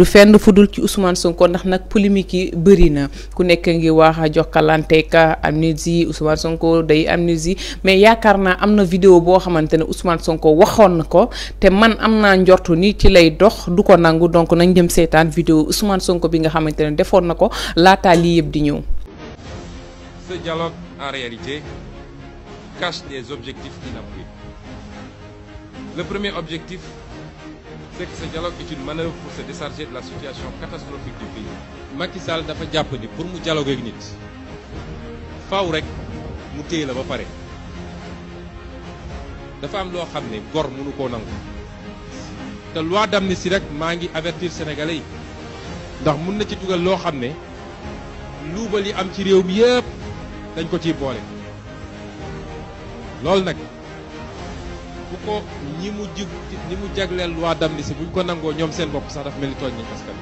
du fenn fudul ci Ousmane Sonko ndax nak polémique yi bëri na ku nek nga wax jokkalante ka amnésie Ousmane Sonko day amnésie mais yakarna amna vidéo bo xamantene Ousmane Sonko waxon nako ko te man amna naa njortu ni ci lay dox du ko nangu donc nañ dem seetaan vidéo Ousmane Sonko bi nga xamantene defon nako di ñew Ce dialogue en réalité cache des objectifs inavoués. Le premier objectif, c'est que ce dialogue est une manœuvre pour se décharger de la situation catastrophique du pays. Macky Sall dafa jàpp pour mu dialogue ak nit faaw rek mu téye la ba pare dafa am loo xam gor mënu koo nangu te loi d'amnistie rek ngi avertir sénégalais yi ndax mun na ci dugal loo xam ne yi am ci réew mi yëpp dañ ko bu ko ñi mu jig ñi mu jagleel loi d'amnistie buñ ko nangoo ñoom seen bopp sax daf mel ni tooñ nañ askan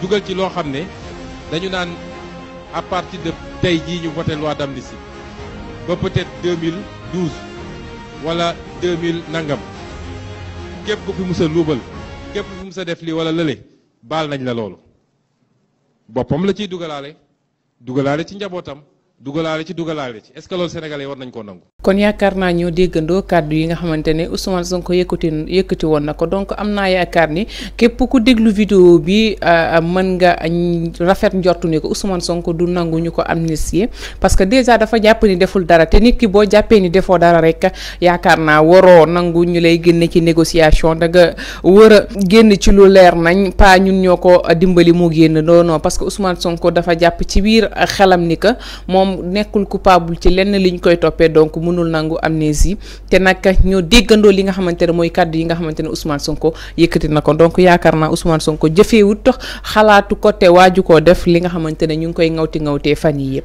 dugal ci loo xam ne dañu naan à partir de tey jii ñu voté loi d'amnistie ba peut-être 2012 wala 2000 nangam képp ku fi musa luubal képp ku fi musa def lii wala lële baal nañ la loolu boppam la ciy dugalaale dugalaale ci njabootam dugalaale ci dugalaale ci est-ce que loolu sénégalais war nañ koo nangu. kon yaakaar naa ñoo déggandoo kàddu yi nga xamante ne Ousmane Sonko yëkkati woon na ko donc am naa yaakaar ni képp ku déglu vidéo bi euh, mën nga rafet njortu ni ko Ousmane sonk du nangu ñu ko amnistie parce que déjà dafa jàpp ni deful dara te nit ki boo jàppee ni defoo dara rek yaakaar naa waroo nangu ñu lay génne ci négociation da nga génn ci lu leer nañ pas ñun ñoo ko dimbali mu génn non non parce que Ousmane Sonko dafa Nekul nekkul coupable ci lenn liñ koy toppee donc mënul nangu amnésie té nak ñu déggando li nga xamantene moy mooy yi nga xamantene Ousmane Sonko yëkëti nako donc yaakarna Ousmane Sonko tax xalaatu ko té waju ko def li nga xamantene ñu koy ngawti ngawté fan yi